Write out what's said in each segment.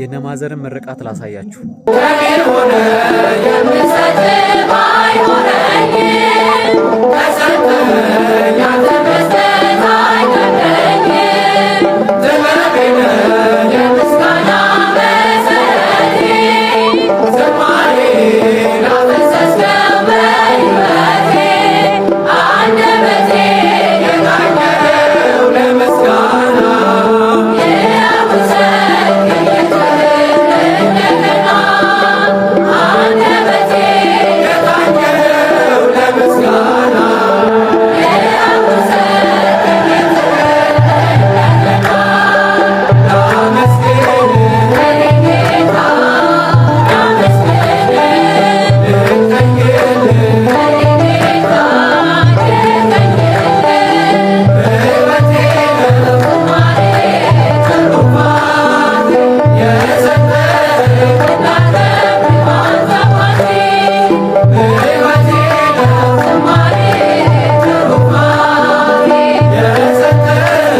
የነማዘርን ምርቃት ላሳያችሁ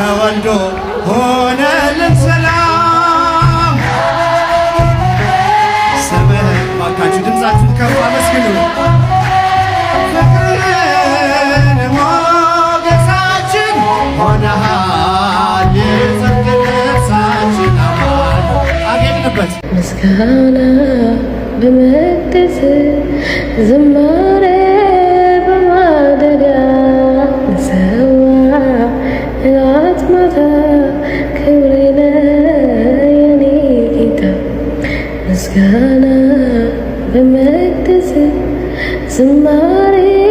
ተወልዶ ሆነልን ሰላም። ስምህ ባካችሁ ድምፃችሁን ከፍ አመስግኑ። ፍቅርን ሞገሳችን ሆነሃል የጽድቅ ልብሳችን። አገኝንበት ምስጋና በመቅደስ ዝማሬ this Amen.